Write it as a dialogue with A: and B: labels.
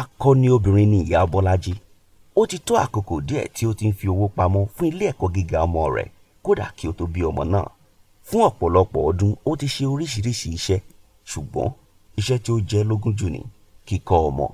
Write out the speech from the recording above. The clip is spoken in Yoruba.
A: akọni obìnrin ni ìyá Bọ́lájí ó ti tó àkókò díẹ̀ tí ó ti ń fi owó pamọ́ fún ilé ẹ̀kọ́ gíga ọmọ rẹ̀ kódà kí ó tó bí ọmọ náà fún ọ̀pọ̀lọpọ̀ ọdún ó ti ṣe oríṣiríṣi iṣẹ́ ṣùgbọ́n iṣẹ́ tí ó jẹ́ lógún jù ni kíkọ́ ọmọ